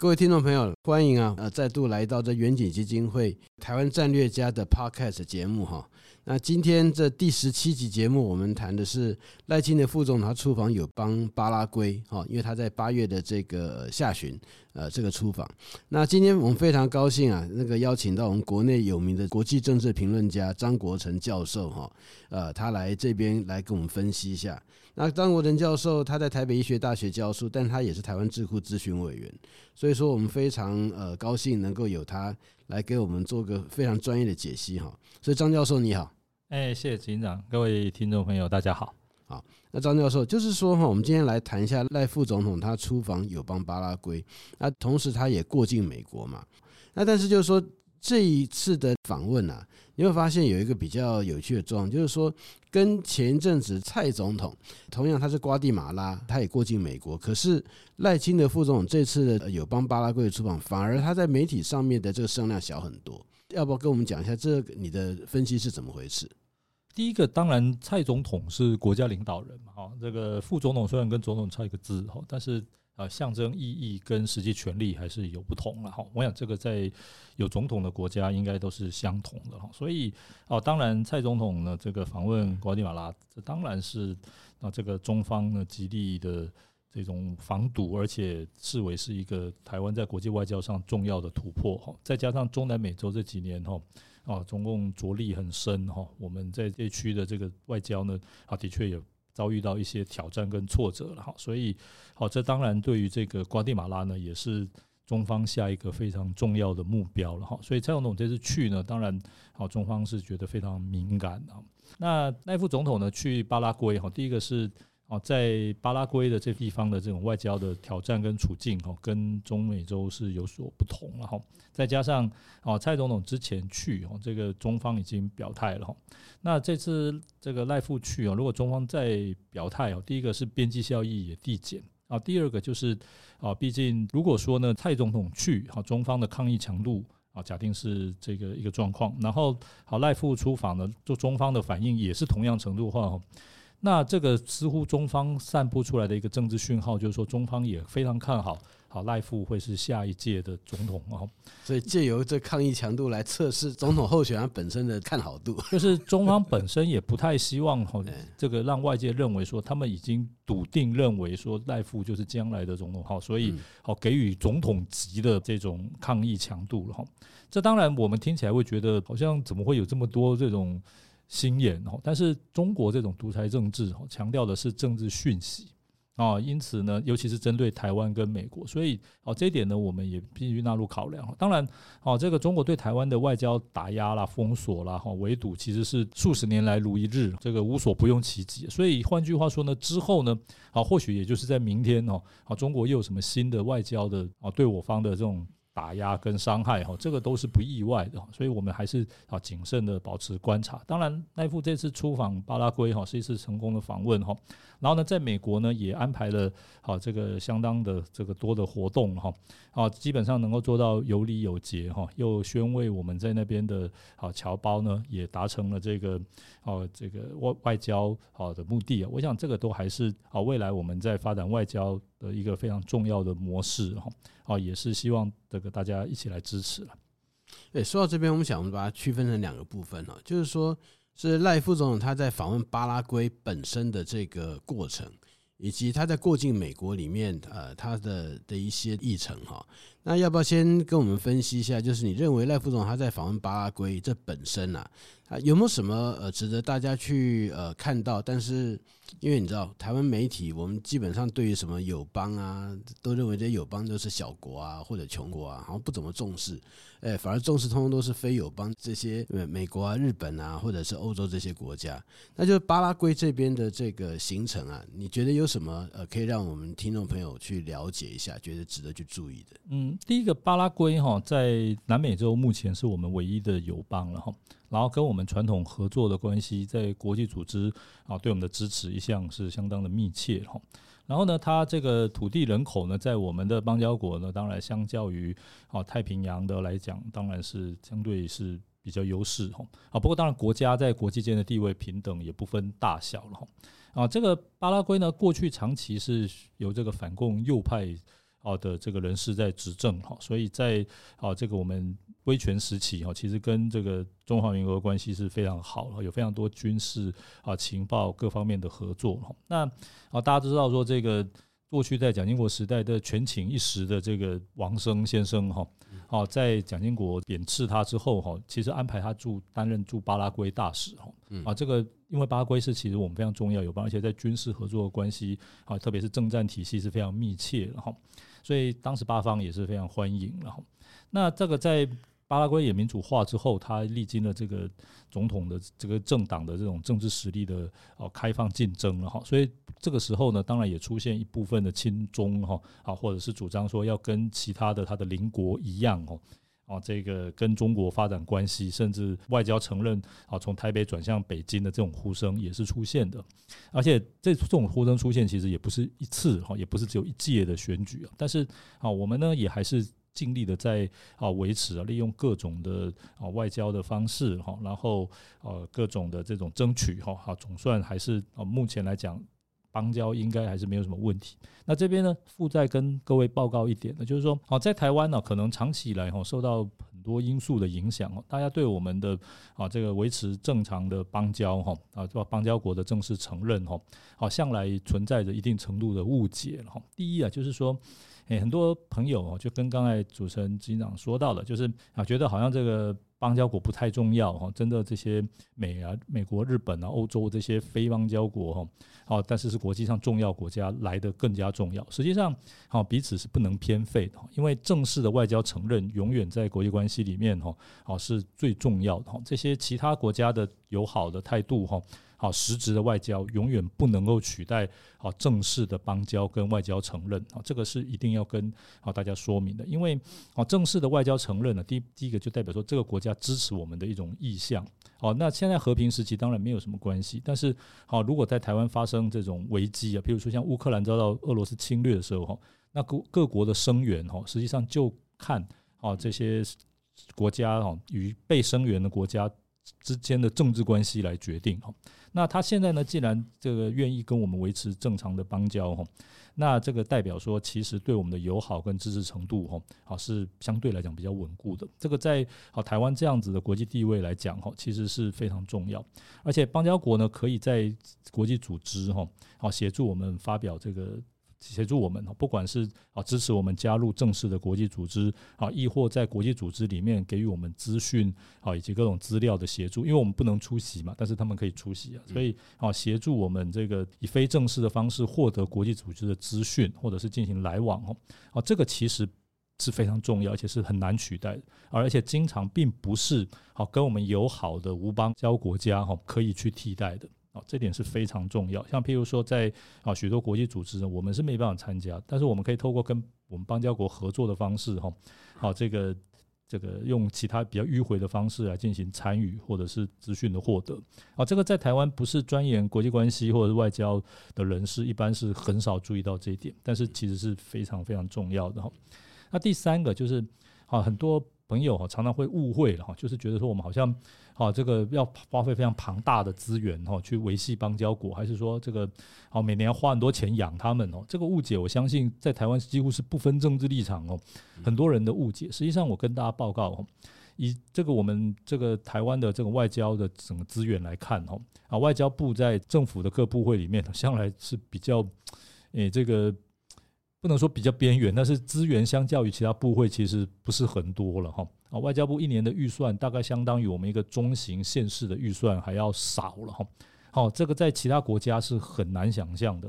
各位聽眾朋友，歡迎啊！呃，再度來到這遠景基金會台灣戰略家的 Podcast 的節目哈。那今天這第十七集節目，我們談的是賴清德副總他出訪友邦巴拉圭哈，因為他在八月的這個下旬，呃，這個出訪。那今天我們非常高興啊，那個邀請到我們國內有名的國際政治評論家張國城教授哈，呃，他來這邊來跟我們分析一下。那張國城教授他在台北醫學大學教書，但他也是台灣智庫諮詢委員，所以說我們非常呃高興能夠有他來給我們做個非常專業的解析哈。所以張教授你好。哎謝謝執行長，各位聽眾朋友大家好。好，那張教授就是說哈，我們今天來談一下賴副總統他出訪友邦巴拉圭，那同時他也過境美國嘛，那但是就是說。這一次的訪問呢、啊，你會發現有一個比較有趣的狀況，就是說，跟前一陣子蔡總統同樣，他是瓜地馬拉，他也過境美國，可是賴清德副總統這次友邦巴拉圭出訪，反而他在媒體上面的這個聲量小很多。要不要跟我們講一下這個你的分析是怎麼回事？第一個，當然蔡總統是國家領導人嘛，這個副總統雖然跟總統差一個字，哦，但是。呃，象徵意義跟實際權利還是有不同了、啊、哈。我想這個在有總統的國家應該都是相同的哈。所以哦，當然蔡總統呢這個訪問瓜地馬拉，這當然是啊，這個中方呢極力的這種防堵，而且視為是一個台灣在國際外交上重要的突破哈、哦。再加上中南美洲這幾年哈、哦、啊，中共着力很深哈、哦，我們在這區的這個外交呢啊，的確也。遭遇到一些挑戰跟挫折了哈，所以，好，這當然對於這個瓜地馬拉呢，也是中方下一個非常重要的目標了哈。所以蔡總統這次去呢，當然，好，中方是覺得非常敏感的。那賴副總統呢，去巴拉圭哈，第一個是。哦，在巴拉圭的這地方的這種外交的挑戰跟處境，哈，跟中美洲是有所不同了哈。再加上哦，蔡總統之前去哦，這個中方已經表態了哈。那這次這個賴副去哦，如果中方再表態哦，第一個是邊際效益也遞減啊，第二個就是啊，畢竟如果說呢，蔡總統去哈，中方的抗議強度啊，假定是這個一個狀況，然後好，賴副出訪呢，就中方的反應也是同樣程度的話哦。那這個似乎中方散布出來的一個政治訊號，就是說中方也非常看好，好賴副會是下一屆的總統哦。所以借由這抗議強度來測試總統候選人本身的看好度，就是中方本身也不太希望哈、哦，這個讓外界認為說他們已經篤定認為說賴副就是將來的總統哈、哦，所以好給予總統級的這種抗議強度了哈。這當然我們聽起來會覺得好像怎麼會有這麼多這種。心眼哦，但是中國這種獨裁政治哦，強調的是政治訊息啊，因此呢，尤其是針對台灣跟美國，所以哦這一點呢，我們也必須納入考量。當然哦，這個中國對台灣的外交打壓啦、封鎖啦、哈圍堵，其實是數十年來如一日，這個無所不用其極。所以換句話說呢，之後呢，啊或許也就是在明天哦，啊中國又有什麼新的外交的啊對我方的這種。打壓跟傷害哈，這個都是不意外的，所以我們還是啊謹慎的保持觀察。當然，賴副這次出訪巴拉圭哈是一次成功的訪問哈。然後呢，在美國呢也安排了好這個相當的這個多的活動哈，啊，啊，基本上能夠做到有禮有節哈、啊，又宣慰我們在那邊的好僑胞呢，也達成了這個好、啊、這個外外交好的目的啊。我想這個都還是好、啊、未來我們在發展外交的一個非常重要的模式哈、啊，啊也是希望這個大家一起來支持了。哎，說到這邊，我們想把它區分成兩個部分了、啊，就是說。是賴副總他在訪問巴拉圭本身的這個過程，以及他在過境美國裡面，呃，他的的一些議程哈、哦。那要不要先跟我們分析一下？就是你認為賴副總他在訪問巴拉圭這本身啊，啊有沒有什麼呃值得大家去呃看到？但是因為你知道台灣媒體，我們基本上對於什麼友邦啊，都認為這些友邦都是小國啊或者窮國啊，好像不怎麼重視。誒、哎，反而重視通通都是非友邦這些美國啊、日本啊，或者是歐洲這些國家。那就是巴拉圭這邊的這個行程啊，你覺得有什麼呃，可以讓我們聽眾朋友去了解一下，覺得值得去注意的？嗯，第一個巴拉圭哈，在南美洲目前是我們唯一的友邦了哈，然後跟我們傳統合作的關係，在國際組織啊對我們的支持一向是相當的密切哈。然後呢，他這個土地人口呢，在我們的邦交國呢，當然相較於啊、哦、太平洋的來講，當然是相對是比較優勢吼啊、哦。不過當然國家在國際間的地位平等，也不分大小了哈啊。這個巴拉圭呢，過去長期是由這個反共右派。好的，這個人士在執政哈，所以在啊這個我們威權時期哈，其實跟這個中華民國的關係是非常好，有非常多軍事啊情報、各方面的合作哈。那啊大家知道說這個過去在蔣經國時代的權傾一時的這個王昇先生哈，啊，在蔣經國貶斥他之後哈，其實安排他駐擔任駐巴拉圭大使哈。啊這個因為巴拉圭是其實我們非常重要友邦，而且在軍事合作的關係啊，特別是政戰體系是非常密切的哈。所以當時巴方也是非常歡迎，然後那這個在巴拉圭也民主化之後，它歷經了這個總統的這個政黨的這種政治實力的哦開放競爭了哈，所以這個時候呢，當然也出現一部分的親中哈，或者是主張說要跟其他的它的鄰國一樣哦。啊，這個跟中國發展關係，甚至外交承認啊，從台北轉向北京的這種呼聲也是出現的，而且這這種呼聲出現其實也不是一次哈、啊，也不是只有一屆的選舉、啊，但是啊，我們呢也還是盡力的在啊維持啊，利用各種的啊外交的方式哈、啊，然後啊，各種的這種爭取哈、啊，總算還是啊目前來講。邦交應該還是沒有什麼問題。那這邊呢，附帶跟各位報告一點呢，就是說，哦，在台灣呢，可能長期以來哈受到很多因素的影響，大家對我們的啊這個維持正常的邦交哈啊做邦交國的正式承認哈，好向來存在着一定程度的誤解哈。第一啊，就是說。欸，很多朋友就跟剛才主持人執行長說到的，就是啊，覺得好像這個邦交國不太重要哈，真的這些美啊、美國、日本啊、歐洲這些非邦交國哈，好，但是是國際上重要國家來得更加重要。實際上，好彼此是不能偏廢的，因為正式的外交承認永遠在國際關係裡面哈，好是最重要的。這些其他國家的友好的態度哈。好，實質的外交永遠不能夠取代好正式的邦交跟外交承認啊，這個是一定要跟好大家說明的。因為好正式的外交承認呢，第一個就代表說這個國家支持我們的一種意向。好，那現在和平時期當然沒有什麼關係，但是好，如果在台灣發生這種危機啊，譬如說像烏克蘭遭到俄羅斯侵略的時候，那各各國的聲援哈，實際上就看啊這些國家哦與被聲援的國家之間的政治關係來決定、哦、那他現在呢，既然這個願意跟我們維持正常的邦交哈、哦，那這個代表說，其實對我們的友好跟支持程度哈、哦，是相對來講比較穩固的。這個在台灣這樣子的國際地位來講哈、哦，其實是非常重要，而且邦交國呢，可以在國際組織哈、哦，協助我們發表這個。協助我們，不管是啊支持我們加入正式的國際組織啊，亦或在國際組織裡面給予我們資訊啊，以及各種資料的協助，因為我們不能出席嘛，但是他們可以出席啊，所以啊協助我們這個以非正式的方式獲得國際組織的資訊，或者是進行來往哦，啊這個其實是非常重要，而且是很難取代的，而且經常並不是啊跟我們友好的無邦交國家哈可以去替代的。啊，這點是非常重要。像譬如說，在啊許多國際組織呢，我們是沒辦法參加，但是我們可以透過跟我們邦交國合作的方式，哈，好這個這個用其他比較迂迴的方式來進行參與或者是資訊的獲得。啊，這個在台灣不是專研國際關係或者是外交的人士，一般是很少注意到這一點，但是其實是非常非常重要的。哈，那第三個就是啊，很多。朋友哈常常會誤會了哈，就是覺得說我們好像，啊，這個要花費非常龐大的資源哈去維繫邦交國，還是說這個，哈每年要花很多錢養他們哦。這個誤解我相信在台灣幾乎是不分政治立場哦，很多人的誤解。實際上我跟大家報告哦，以這個我們這個台灣的這個外交的整個資源來看哦，啊，外交部在政府的各部會裡面向來是比較、哎，誒這個。不能說比較邊緣，但是資源相較於其他部會，其實不是很多了哈。啊、哦，外交部一年的預算大概相當於我們一個中型縣市的預算還要少了哈。好、哦，這個在其他國家是很難想象的。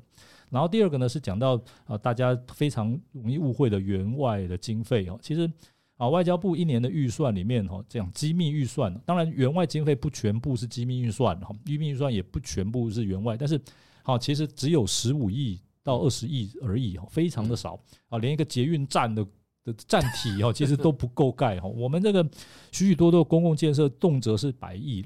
然後第二個呢是講到啊，大家非常容易誤會的援外的經費哦。其實啊，外交部一年的預算裡面哈，這、哦、樣機密預算，當然援外經費不全部是機密預算哈、哦，機密預算也不全部是援外，但是好、哦，其實只有十五億。到二十億而已，非常的少啊，連一個捷運站的的站體其實都不夠蓋 我們這個許許多多公共建設，動輒是百億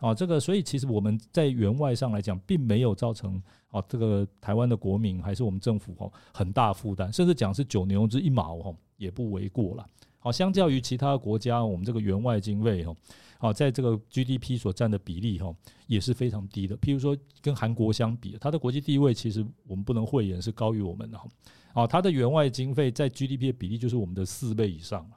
了，這個所以其實我們在援外上來講，並沒有造成這個台灣的國民還是我們政府很大負擔，甚至講是九牛之一毛也不為過了。好，相較於其他國家，我們這個援外經費哈，好在這個 GDP 所佔的比例哈也是非常低的。譬如說，跟韓國相比，它的國際地位其實我們不能諱言是高於我們的，啊，它的援外經費在 GDP 的比例就是我們的四倍以上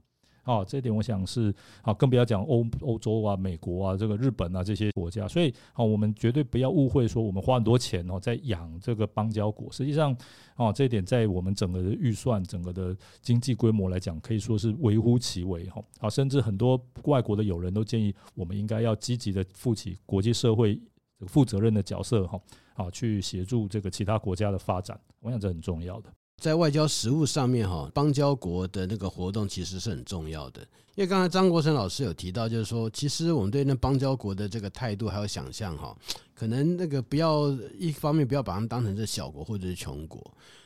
啊、哦，這點我想是啊、哦，更不要講歐歐洲啊、美國啊、這個日本啊、這些國家，所以啊、哦，我們絕對不要誤會說我們花很多錢哦，在養這個邦交國。實際上，哦，這點在我們整個的預算、整個的經濟規模來講，可以說是微乎其微哈、哦。啊、哦，甚至很多外國的友人都建議，我們應該要積極的負起國際社會負責任的角色哈、哦。啊、哦，去協助這個其他國家的發展，我想這很重要的。在外交實務上面，哈，邦交國的那個活動其實是很重要的。因為剛才張國城老師有提到，就是說，其實我們對那邦交國的這個態度還有想象，哈，可能那個不要一方面不要把它們當成是小國或者是窮國，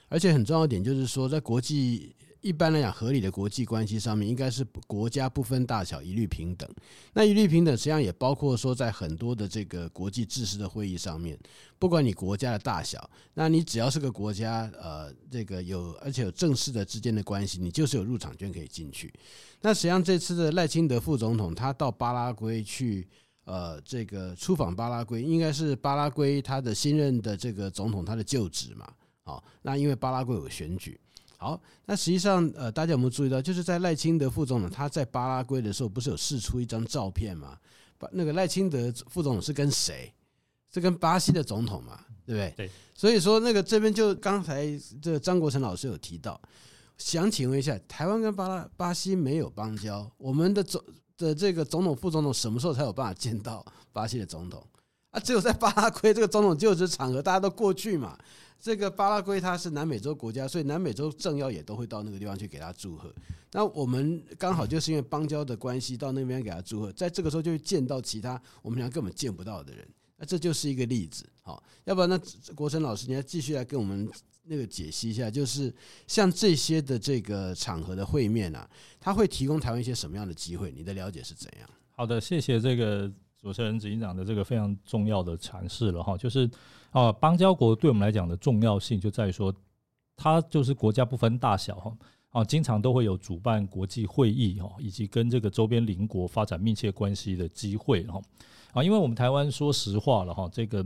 而且很重要一點就是說，在國際。一般來講，合理的國際關係上面應該是國家不分大小，一律平等。那一律平等，實際上也包括說，在很多的這個國際知識的會議上面，不管你國家的大小，那你只要是個國家，呃，這個有而且有正式的之間的關係，你就是有入場券可以進去。那實際上這次的賴清德副總統他到巴拉圭去，呃，這個出訪巴拉圭，應該是巴拉圭他的新任的這個總統他的就職嘛。好，那因為巴拉圭有選舉。好，那實際上呃，大家有沒有注意到，就是在賴清德副總統他在巴拉圭的時候，不是有釋出一張照片嗎？把那個賴清德副總統是跟誰？是跟巴西的總統嘛，對不對？對。所以說那個這邊就剛才這個張國城老師有提到，想請問一下，台灣跟巴拉巴西沒有邦交，我們的總的這個總統副總統什麼時候才有辦法見到巴西的總統？啊，只有在巴拉圭這個總統就職場合，大家都過去嘛。這個巴拉圭它是南美洲國家，所以南美洲政要也都會到那個地方去給他祝賀。那我們剛好就是因為邦交的關係，到那邊給他祝賀，在這個時候就會見到其他我們倆根本見不到的人。那這就是一個例子，好、哦，要不然那國城老師，你要繼續來跟我們那個解析一下，就是像這些的這個場合的會面啊，他會提供台灣一些什麼樣的機會？你的了解是怎樣？好的，謝謝這個主持人執行長的這個非常重要的闡釋了哈，就是。啊，邦交國對我們來講的重要性，就在於說，它就是國家不分大小，哈，啊，啊，經常都會有主辦國際會議，哈，以及跟這個周邊鄰國發展密切關係的機會，哈，啊，啊，因為我們台灣，說實話了，哈，這個。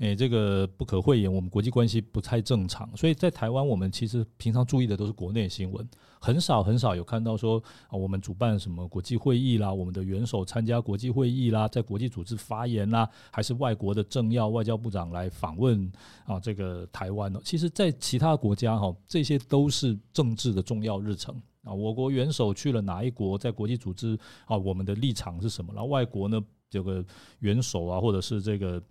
誒、哎，這個不可諱言，我們國際關係不太正常，所以在台灣，我們其實平常注意的都是國內新聞，很少很少有看到說、啊、我們主辦什麼國際會議啦，我們的元首參加國際會議啦，在國際組織發言啦，還是外國的政要、外交部長來訪問啊，這個台灣呢？其實，在其他國家哈、啊，這些都是政治的重要日程啊。我國元首去了哪一國，在國際組織啊，我們的立場是什麼？然後外國呢，這個元首啊，或者是這個。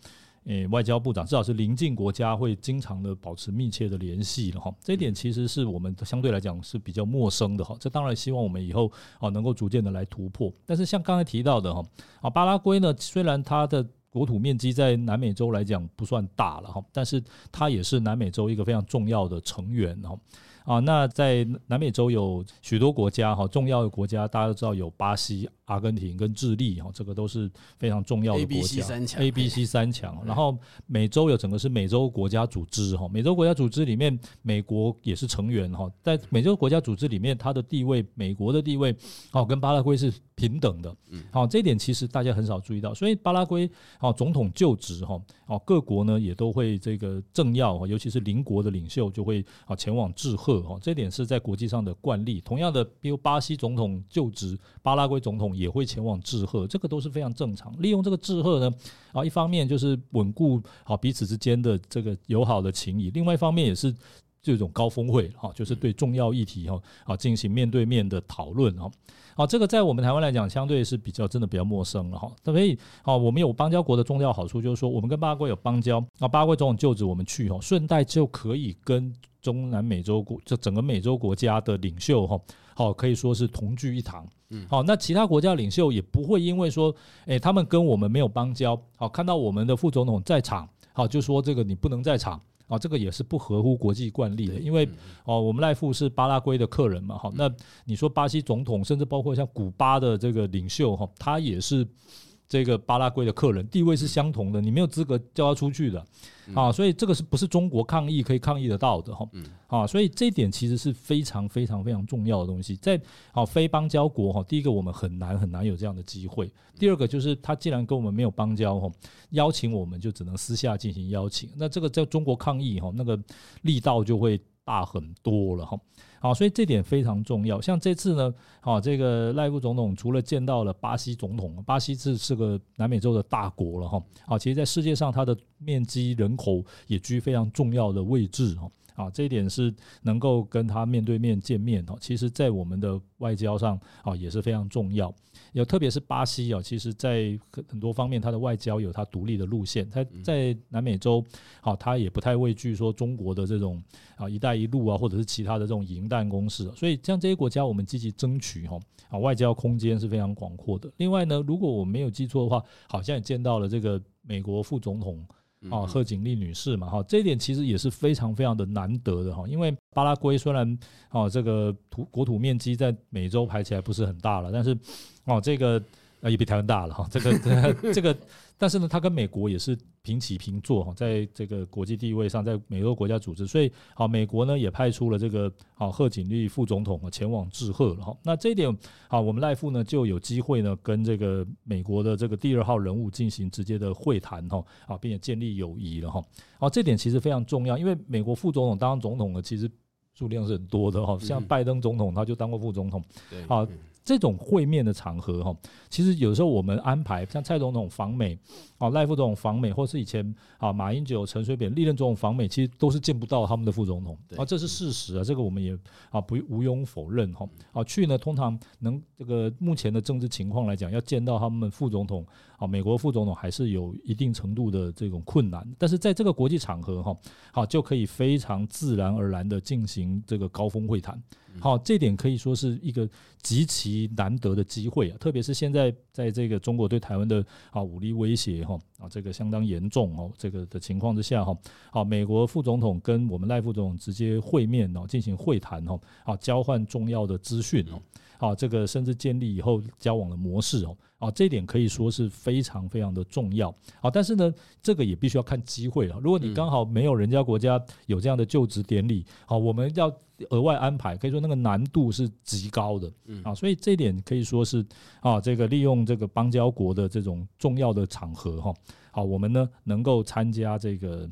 誒，外交部長至少是鄰近國家會經常的保持密切的聯繫了哈，這一點其實是我們相對來講是比較陌生的哈，這當然希望我們以後啊能夠逐漸的來突破。但是像剛才提到的哈，啊巴拉圭呢，雖然它的國土面積在南美洲來講不算大了哈，但是它也是南美洲一個非常重要的成員哈。啊，那在南美洲有許多國家哈，重要的國家大家都知道有巴西，阿根廷跟智利哈，這個都是非常重要的國家。A B C 三強，A B C 三強、哎。然後美洲有整個是美洲國家組織哈，美洲國家組織裡面美國也是成員哈，在美洲國家組織裡面，它的地位，美國的地位，哦，跟巴拉圭是平等的。嗯，好，這一點其實大家很少注意到。所以巴拉圭哦，總統就職哈，哦，各國呢也都會這個政要，尤其是鄰國的領袖就會啊前往致賀哈，這一點是在國際上的慣例。同樣的，比如巴西總統就職，巴拉圭總統。也會前往致賀，這個都是非常正常。利用這個致賀呢，啊，一方面就是穩固啊彼此之間的這個友好的情誼，另外一方面也是這種高峰會哈，就是對重要議題哈啊進行面對面的討論啊啊，這個在我們台灣來講，相對是比較真的比較陌生了哈。所以啊，我們有邦交國的重要好處就是說，我們跟巴國有邦交啊，巴國總統就職我們去哈，順帶就可以跟中南美洲國就整個美洲國家的領袖哈。好，可以說是同聚一堂。嗯，好，那其他國家領袖也不會因為說，誒、欸，他們跟我們沒有邦交，好，看到我們的副總統在場，好，就說這個你不能在場啊，這個也是不合乎國際慣例的，因為、嗯、哦，我們賴副是巴拉圭的客人嘛，好，那你說巴西總統，甚至包括像古巴的這個領袖哈、哦，他也是。這個巴拉圭的客人地位是相同的，嗯、你沒有資格叫他出去的、嗯，啊，所以這個是不是中國抗議可以抗議得到的哈、哦、嗯？啊，所以這一點其實是非常非常非常重要的東西，在啊、哦、非邦交國哈、哦，第一個我們很難很難有這樣的機會、嗯，第二個就是他既然跟我們沒有邦交吼、哦，邀請我們就只能私下進行邀請，那這個在中國抗議哈、哦，那個力道就會。大很多了哈，好，所以這點非常重要。像這次呢，好，這個賴副總統除了見到了巴西總統，巴西是是個南美洲的大國了哈，啊，其實，在世界上，它的面積、人口也居非常重要的位置哈。啊，這一點是能夠跟他面對面見面哦。其實，在我們的外交上啊，也是非常重要。也特別是巴西啊，其實，在很很多方面，它的外交有它獨立的路線。它在南美洲，好，它也不太畏懼說中國的這種啊“一帶一路”啊，或者是其他的這種「銀彈攻勢」。所以，像這些國家，我們積極爭取哈，啊，外交空間是非常廣闊的。另外呢，如果我沒有記錯的話，好像也見到了這個美國副總統。哦，賀錦麗女士嘛，哈、哦，這一點其實也是非常非常的難得的哈、哦，因為巴拉圭雖然，哦，這個土國土面積在美洲排起來不是很大了，但是，哦，這個。啊，也比台灣大了哈，這個 這個，但是呢，他跟美國也是平起平坐哈，在這個國際地位上，在美洲國家組織，所以好，美國呢也派出了這個啊賀錦麗副總統啊前往致賀了哈。那這一點好，我們賴副呢就有機會呢跟這個美國的這個第二號人物進行直接的會談哈啊，並且建立友誼了哈。啊，這一點其實非常重要，因為美國副總統當上總統呢其實數量是很多的哈，像拜登總統他就當過副總統，對、啊這種會面的場合，哈，其實有時候我們安排像蔡總統訪美。啊，賴副總訪美，或是以前啊，馬英九、陳水扁歷任總統訪美，其實都是見不到他們的副總統啊，這是事實啊，嗯、這個我們也啊不毋庸否認哈。啊、哦，去呢，通常能這個目前的政治情況來講，要見到他們副總統啊、哦，美國副總統還是有一定程度的這種困難。但是在這個國際場合哈，好、哦、就可以非常自然而然的進行這個高峰會談，好、哦，這點可以說是一個極其難得的機會啊，特別是現在在這個中國對台灣的啊、哦、武力威脅啊，這個相當嚴重哦，這個的情況之下哈，美國副總統跟我們賴副總統直接會面哦，進行會談哦，交換重要的資訊哦。嗯啊，這個甚至建立以後交往的模式哦，啊，這一點可以說是非常非常的重要啊。但是呢，這個也必須要看機會了。如果你剛好沒有人家國家有這樣的就職典禮，好、啊，我們要額外安排，可以說那個難度是極高的，嗯啊，所以這一點可以說是啊，這個利用這個邦交國的這種重要的場合哈，好、啊啊，我們呢能夠參加這個。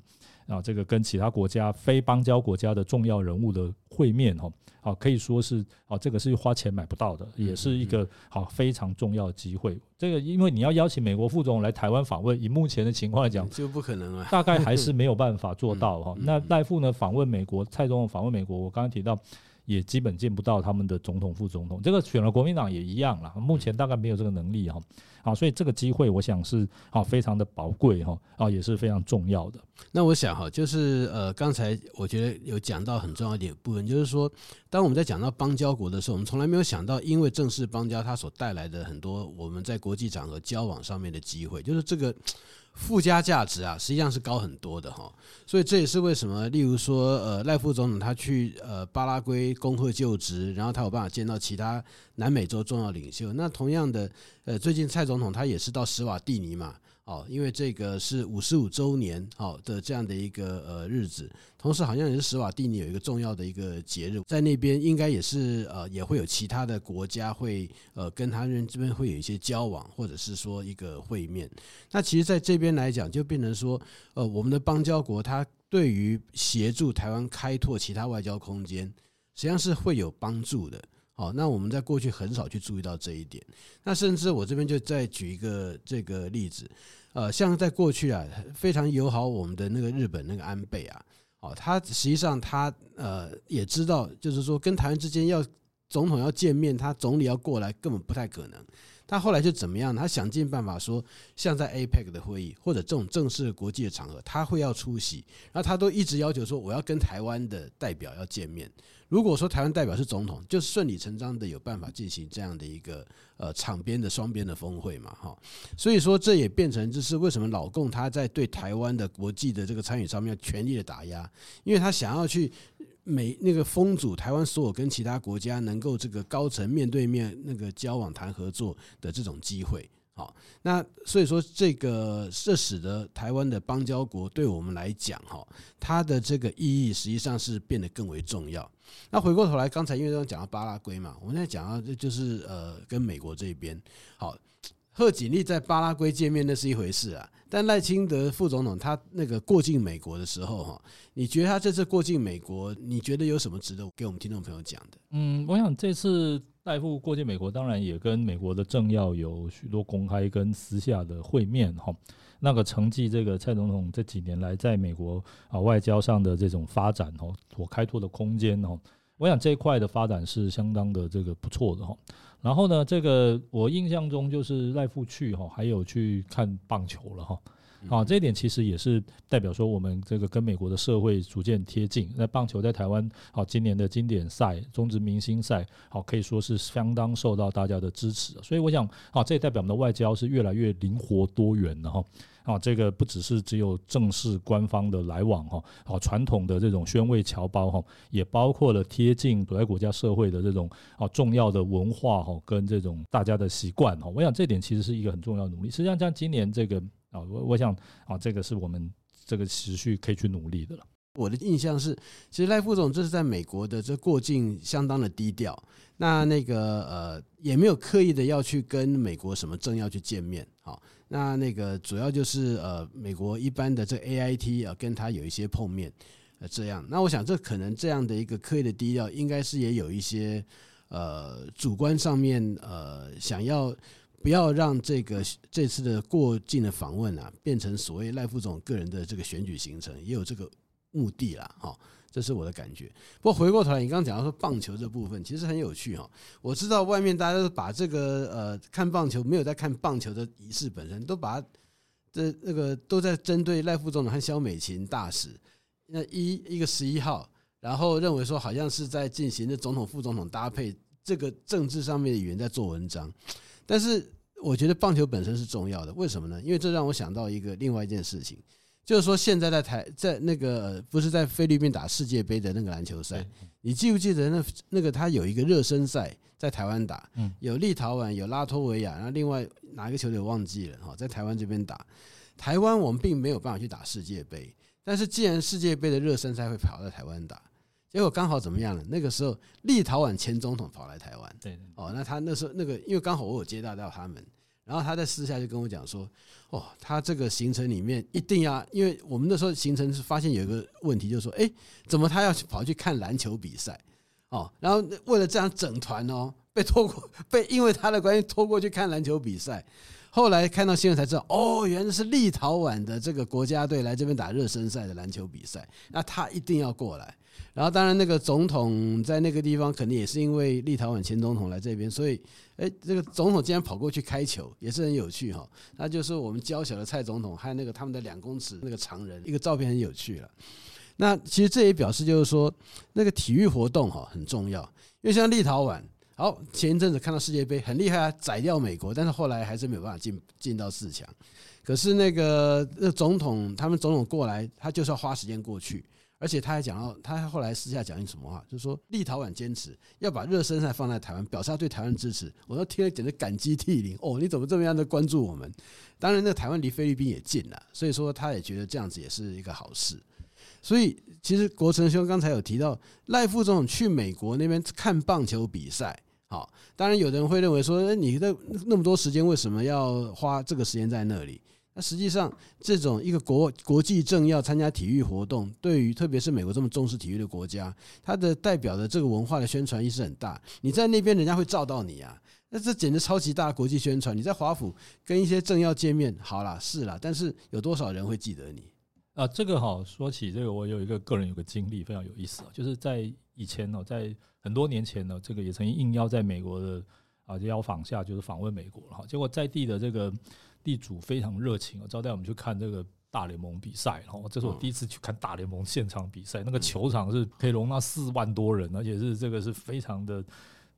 啊，這個跟其他國家非邦交國家的重要人物的會面哈、哦，可以說是啊，這個是花錢買不到的，也是一個好非常重要的機會。這個因為你要邀請美國副總統來台灣訪問，以目前的情況來講，就不可能了，大概還是沒有辦法做到哈、哦。那賴副呢訪問美國，蔡總統訪問美國，我剛剛提到。也基本見不到他們的總統、副總統，這個選了國民黨也一樣啦。目前大概沒有這個能力哈、啊，好，所以這個機會我想是啊非常的寶貴哈，啊也是非常重要的。那我想哈，就是呃剛才我覺得有講到很重要一點的部分，就是說當我們在講到邦交國的時候，我們從來沒有想到，因為正式邦交它所帶來的很多我們在國際場合交往上面的機會，就是這個。附加價值啊，實際上是高很多的哈，所以這也是為什麼，例如說，呃，賴副總統他去呃巴拉圭恭賀就職，然後他有辦法見到其他南美洲重要領袖。那同樣的，呃，最近蔡總統他也是到史瓦蒂尼嘛。哦，因為這個是五十五周年哦的這樣的一個呃日子，同時好像也是史瓦帝尼有一個重要的一個節日，在那邊應該也是呃也會有其他的國家會呃跟他們這邊會有一些交往，或者是說一個會面。那其實在這邊來講，就變成說呃我們的邦交國，它對於協助台灣開拓其他外交空間，實際上是會有幫助的。哦，那我們在過去很少去注意到這一點。那甚至我這邊就再舉一個這個例子，呃，像在過去啊，非常友好我們的那個日本那個安倍啊，哦，他實際上他呃也知道，就是說跟台灣之間要總統要見面，他總理要過來根本不太可能。他後來就怎麼樣呢？他想盡辦法說，像在 APEC 的會議或者這種正式的國際的場合，他會要出席，然後他都一直要求說，我要跟台灣的代表要見面。如果說台灣代表是總統，就順理成章的有辦法進行這樣的一個呃場邊的雙邊的峰會嘛，哈，所以說這也變成就是為什麼老共他在對台灣的國際的這個參與上面要全力的打壓，因為他想要去每那個封堵台灣所有跟其他國家能夠這個高層面對面那個交往、談合作的這種機會。好，那所以說這個，這使得台灣的邦交國對我們來講，哈，它的這個意義實際上是變得更為重要。那回過頭來，剛才因為都講到巴拉圭嘛，我們現在講到這就是呃，跟美國這邊，好，賀錦麗在巴拉圭見面那是一回事啊，但賴清德副總統他那個過境美國的時候，哈，你覺得他這次過境美國，你覺得有什麼值得給我們聽眾朋友講的？嗯，我想這次。賴副過去美國當然也跟美國的政要有許多公開跟私下的會面哈、哦，那個承繼這個蔡總統這幾年來在美國啊外交上的這種發展哈、哦，所開拓的空間哦，我想這一塊的發展是相當的這個不錯的哈、哦。然後呢，這個我印象中就是賴副去哈、哦，還有去看棒球了哈、哦。啊，這一點其實也是代表說我們這個跟美國的社會逐漸貼近。那棒球在台灣啊，今年的經典賽、中職明星賽，好、啊、可以說是相當受到大家的支持。所以我想啊，這也代表我們的外交是越來越靈活多元的哈、啊。啊，這個不只是只有正式官方的來往哈、啊，傳統的這種宣慰僑胞哈、啊，也包括了貼近所在國家社會的這種啊重要的文化哈、啊、跟這種大家的習慣哈、啊。我想這一點其實是一個很重要的努力。實際上像今年這個。啊，我我想啊，這個是我們這個持續可以去努力的了。我的印象是，其實賴副總這次在美國的，這過境相當的低調。那那個呃，也沒有刻意的要去跟美國什麼政要去見面。好，那那個主要就是呃，美國一般的這 AIT 啊、呃，跟他有一些碰面，呃，這樣。那我想這可能這樣的一個刻意的低調，應該是也有一些呃主觀上面呃想要。不要讓這個這次的過境的訪問啊，變成所謂賴副總個人的這個選舉行程，也有這個目的了哈，這是我的感覺。不過回過頭來，你剛剛講到說棒球這部分，其實很有趣哈，我知道外面大家都把這個呃看棒球沒有在看棒球的儀式本身，都把這那個都在針對賴副總統和蕭美琴大使那一一個十一號，然後認為說好像是在進行的總統副總統搭配這個政治上面的語言在做文章。但是我覺得棒球本身是重要的，為什麼呢？因為這讓我想到一個另外一件事情，就是說，現在在台在那個不是在菲律賓打世界杯的那個籃球賽，你記不記得那那個他有一個熱身賽在台灣打，有立陶宛有拉脫維亞，然後另外哪個球隊忘記了，在台灣這邊打，台灣我們並沒有辦法去打世界杯，但是既然世界杯的熱身賽會跑到台灣打。結果剛好怎麼樣了？那個時候，立陶宛前總統跑來台灣。對，對，哦，那他那時候那個，因為剛好我有接待到他們，然後他在私下就跟我講說：“哦，他這個行程裡面一定要，因為我們那時候行程是發現有一個問題，就是說，誒，怎麼他要去跑去看籃球比賽？哦，然後為了這樣整團哦，被拖過，被因為他的關係拖過去看籃球比賽。後來看到新聞才知道，哦，原來是立陶宛的這個國家隊來這邊打熱身賽的籃球比賽，那他一定要過來。”然後，當然，那個總統在那個地方，肯定也是因為立陶宛前總統來這邊，所以，誒，這個總統竟然跑過去開球，也是很有趣哈。那就是我們嬌小的蔡總統，還有那個他們的兩公尺，那個長人，一個照片很有趣了。那其實這也表示就是說，那個體育活動哈很重要，因為像立陶宛，好前一陣子看到世界杯很厲害啊，宰掉美國，但是後來還是沒有辦法進進到四強。可是那個總統，他們總統過來，他就是要花時間過去。而且他還講到，他後來私下講一句什麼話，就是說立陶宛堅持要把熱身賽放在台灣，表示他對台灣的支持。我都聽了簡直感激涕零。哦，你怎麼這麼樣的關注我們？當然，在台灣離菲律賓也近了，所以說他也覺得這樣子也是一個好事。所以其實國城兄剛才有提到賴副總統去美國那邊看棒球比賽，好，當然有人會認為說，你在那麼多時間，為什麼要花這個時間在那裡？那實際上，這種一個國國際政要參加體育活動，對於特別是美國這麼重視體育的國家，它的代表的這個文化的宣傳意義是很大。你在那邊，人家會照到你啊，那這簡直超級大國際宣傳。你在華府跟一些政要見面，好啦，是啦，但是有多少人會記得你啊？這個好說起這個，我有一個個人有個經歷非常有意思啊，就是在以前呢，在很多年前呢，這個也曾經應邀在美國的啊邀訪下，就是訪問美國哈，結果在地的這個。地主非常熱情招待我們去看這個大聯盟比賽，然後這是我第一次去看大聯盟現場比賽。嗯、那個球場是可以容納四萬多人，嗯、而且是這個是非常的，的，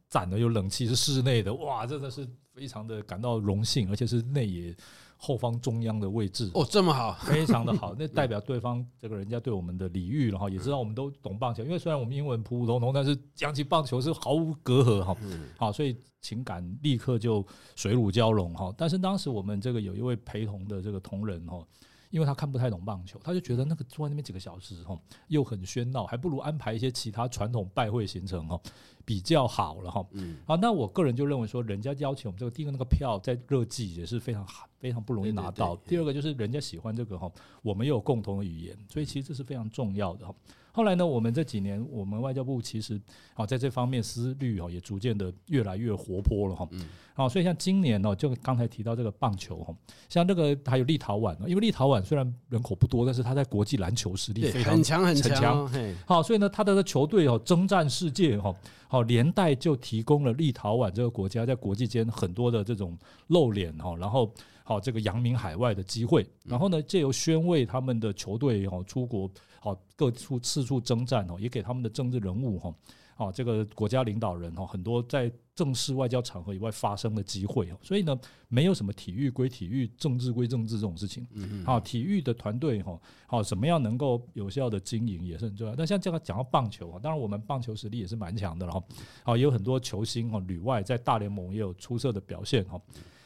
讚的有冷氣是室內的，哇，真的是非常的感到榮幸，而且是內野。後方中央的位置哦，這麼好，非常的好，那代表對方這個人家對我們的禮遇了哈，也知道我們都懂棒球，因為雖然我們英文普普通通，但是講起棒球是毫無隔閡哈。好，所以情感立刻就水乳交融哈。但是當時我們這個有一位陪同的這個同仁哈，因為他看不太懂棒球，他就覺得那個坐在那邊幾個小時哈，又很喧鬧，還不如安排一些其他傳統拜會行程哈。比較好了哈，嗯，啊，那我個人就認為說，人家邀請我們這個第一個那個票在熱季也是非常好，非常不容易拿到。第二個就是人家喜歡這個哈，我們也有共同的語言，所以其實這是非常重要的哈。後來呢，我們這幾年我們外交部其實啊，在這方面思慮哈，也逐漸的越來越活潑了哈。啊，所以像今年呢，就剛才提到這個棒球，哈，像這個還有立陶宛呢，因為立陶宛雖然人口不多，但是他在國際籃球實力很強很強。好，所以呢，他的球隊哦征戰世界哈。好，連帶就提供了立陶宛這個國家在國際間很多的這種露臉哈，然後好這個揚名海外的機會，然後呢，借由宣慰他們的球隊哈出國，好各處四處征戰哦，也給他們的政治人物哈。啊，這個國家領導人哈，很多在正式外交場合以外發生的機會，所以呢，沒有什麼體育歸體育，政治歸政治這種事情。嗯好，體育的團隊哈，好，怎麼樣能夠有效的經營也是很重要。但像這個講到棒球啊，當然我們棒球實力也是蠻強的了，好，也有很多球星哦，旅外在大聯盟也有出色的表現哈。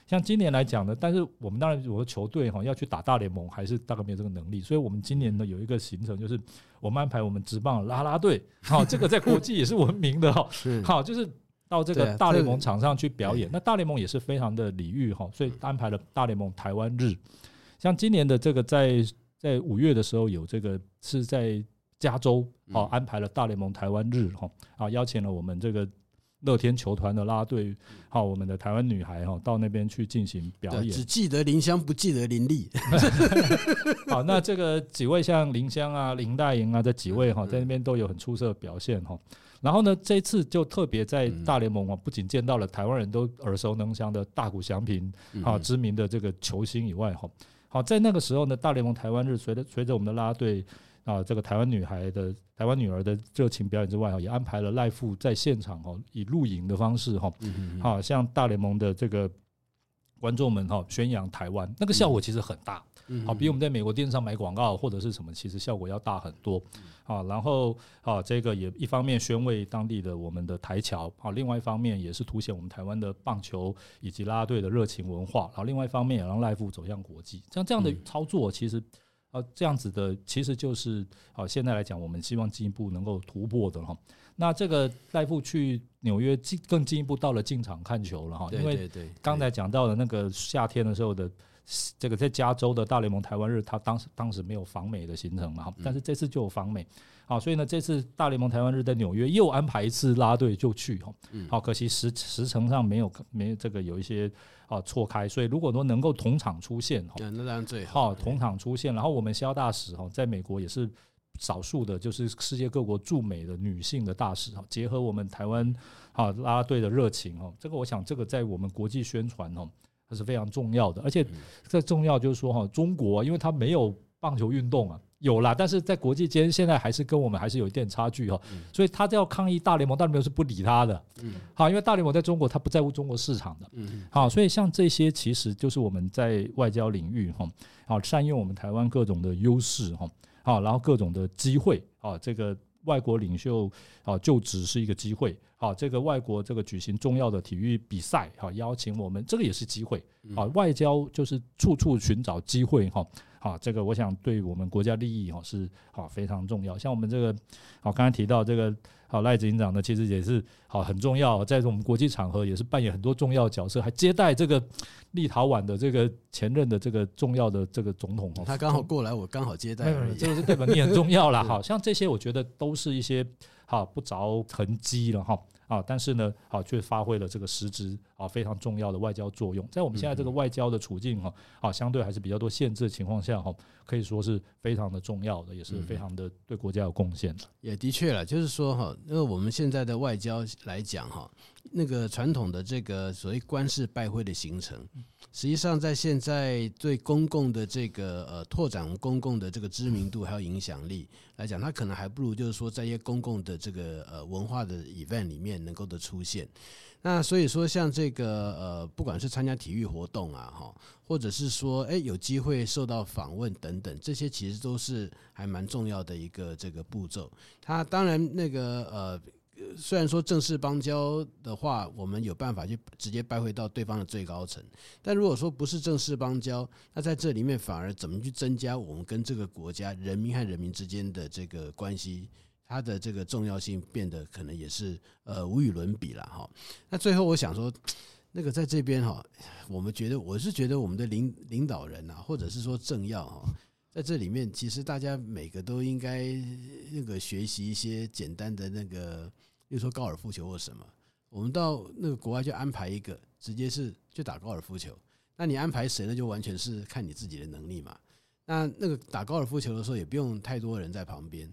像今年來講呢，但是我們當然，有的球隊哈要去打大聯盟，還是大概沒有這個能力。所以，我們今年呢有一個行程，就是我們安排我們職棒拉拉隊，哈，這個在國際也是聞名的哈，好，就是到這個大聯盟場上去表演。那大聯盟也是非常的禮遇哈，所以安排了大聯盟台灣日。像今年的這個在在五月的時候，有這個是在加州哦，安排了大聯盟台灣日哈啊，邀請了我們這個。樂天球團的啦啦隊，好，我們的台灣女孩哈，到那邊去進行表演。只記得林襄，不記得林立。 好，那這個幾位像林襄啊、林大瑩啊這幾位哈，在那邊都有很出色的表現哈、嗯嗯。然後呢，這一次就特別在大聯盟啊，不僅見到了台灣人都耳熟能詳的大谷翔平、嗯嗯、知名的這個球星以外哈，好，在那個時候呢，大聯盟台灣日，隨着隨着我們的啦啦隊。啊，這個台灣女孩的台灣女兒的熱情表演之外，也安排了賴副在現場，哈，以錄影的方式，哈，好像大聯盟的這個觀眾們，哈，宣揚台灣那個效果其實很大，好比我們在美國電視上買廣告或者是什麼，其實效果要大很多，好，然後好，這個也一方面宣慰當地的我們的台僑，好，另外一方面也是凸顯我們台灣的棒球以及啦啦隊的熱情文化，好，另外一方面也讓賴副走向國際，像這,這樣的操作其實。這樣子的其實就是，好，現在來講，我們希望進一步能夠突破的哈。那這個賴副去紐約進更進一步到了進場看球了哈，因為剛才講到了那個夏天的時候的。這個在加州的大聯盟台灣日，他當時當時沒有訪美的行程嘛？但是這次就有訪美。好，所以呢，這次大聯盟台灣日在紐約又安排一次拉隊就去哈。好，可惜時時程上沒有，沒有這個，有一些啊錯開，所以如果說能夠同場出現哈，那當然最好同場出現。然後我們蕭大使哈，在美國也是少數的，就是世界各國駐美的女性的大使哈，結合我們台灣啊拉拉隊的熱情哈，這個我想這個在我們國際宣傳它是非常重要的，而且最重要就是說哈，中國因為它沒有棒球運動啊，有啦，但是在國際間現在還是跟我們還是有一點差距哈，所以它要抗議大聯盟，大聯盟是不理它的。嗯，好，因為大聯盟在中國它不在乎中國市場的。嗯，好，所以像這些其實就是我們在外交領域哈，好善用我們台灣各種的優勢哈，好然後各種的機會啊這個。外國領袖啊，就職，一個機會啊。這個外國這個舉行重要的體育比賽啊，邀請我們，這個也是機會啊。外交就是處處尋找機會哈啊。這個我想對我們國家利益哈是啊非常重要。像我們這個，啊，剛才提到這個。好，賴執行長呢？其實也是好很重要、哦，在我們國際場合也是扮演很多重要角色，還接待這個立陶宛的這個前任的這個重要的這個總統、哦、他剛好過來，我剛好接待,好好接待、嗯嗯，這個是對你很重要啦。 好像這些，我覺得都是一些好不着痕跡了哈。好啊，但是呢，啊，卻發揮了這個實質啊非常重要的外交作用。在我們現在這個外交的處境哈、啊，啊，相對還是比較多限制的情況下哈、啊，可以說是非常的重要的，也是非常的對國家有貢獻的。也的確了，就是說哈，因為我們現在的外交來講哈，那個傳統的這個所謂官式拜會的形成，實際上在現在對公共的這個呃拓展公共的這個知名度還有影響力，來講，他可能還不如就是說，在一些公共的這個呃文化的 event 裡面能夠的出現。那所以說，像這個呃，不管是參加體育活動啊，哈，或者是說，誒有機會受到訪問等等，這些其實都是還蠻重要的一個這個步驟。他當然那個呃。雖然說正式邦交的話，我們有辦法去直接拜會到對方的最高層，但如果說不是正式邦交，那在這裡面反而怎麼去增加我們跟這個國家人民和人民之間的這個關係，它的這個重要性變得可能也是呃無與倫比了哈。那最後我想說，那個在這邊哈，我們覺得我是覺得我們的領領導人啊，或者是說政要哈。在這裡面，其實大家每個都應該那個學習一些簡單的那個，比如說高爾夫球或什麼。我們到那個國外就安排一個，直接是就打高爾夫球。那你安排誰呢？就完全是看你自己的能力嘛。那那個打高爾夫球的時候，也不用太多人在旁邊，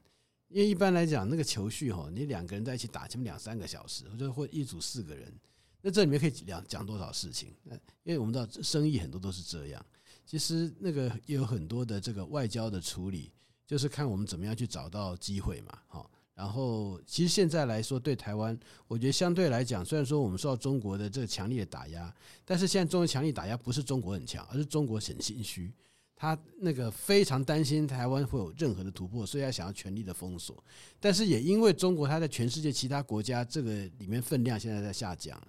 因為一般來講，那個球序哈，你兩個人在一起打，起碼兩三個小時，或者或一組四個人，那這裡面可以講講多少事情。嗯，因為我們知道生意很多都是這樣。其實那個也有很多的這個外交的處理，就是看我們怎麼樣去找到機會嘛，好。然後其實現在來說，對台灣，我覺得相對來講，雖然說我們受到中國的這個強力的打壓，但是現在中國強力打壓不是中國很強，而是中國很心虛。他那個非常擔心台灣會有任何的突破，所以他想要全力的封鎖。但是也因為中國，他在全世界其他國家這個裡面分量現在在下降，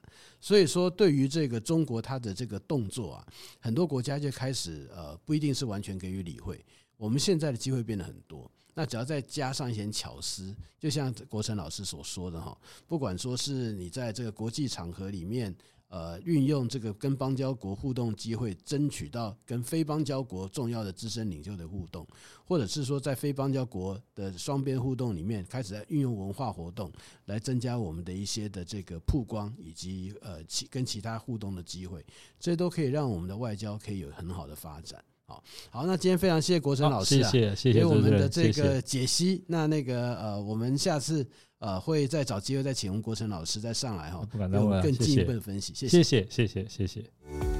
所以說對於這個中國他的這個動作啊，很多國家就開始呃，不一定是完全給予理會。我們現在的機會變得很多。那只要再加上一些巧思，就像國城老師所說的哈，不管說是你在這個國際場合裡面，呃，運用這個跟邦交國互動機會，爭取到跟非邦交國重要的資深領袖的互動，或者是說在非邦交國的雙邊互動裡面，開始在運用文化活動來增加我們的一些的這個曝光以及呃其跟其他互動的機會，這都可以讓我們的外交可以有很好的發展。好好，那今天非常謝謝國城老師啊，啊謝謝給我們的這個解析。對對對謝謝，那那個呃，我們下次呃會再找機會再請我們國城老師再上來哈，給我們更進一步的分析。謝謝謝謝謝謝。謝謝謝謝。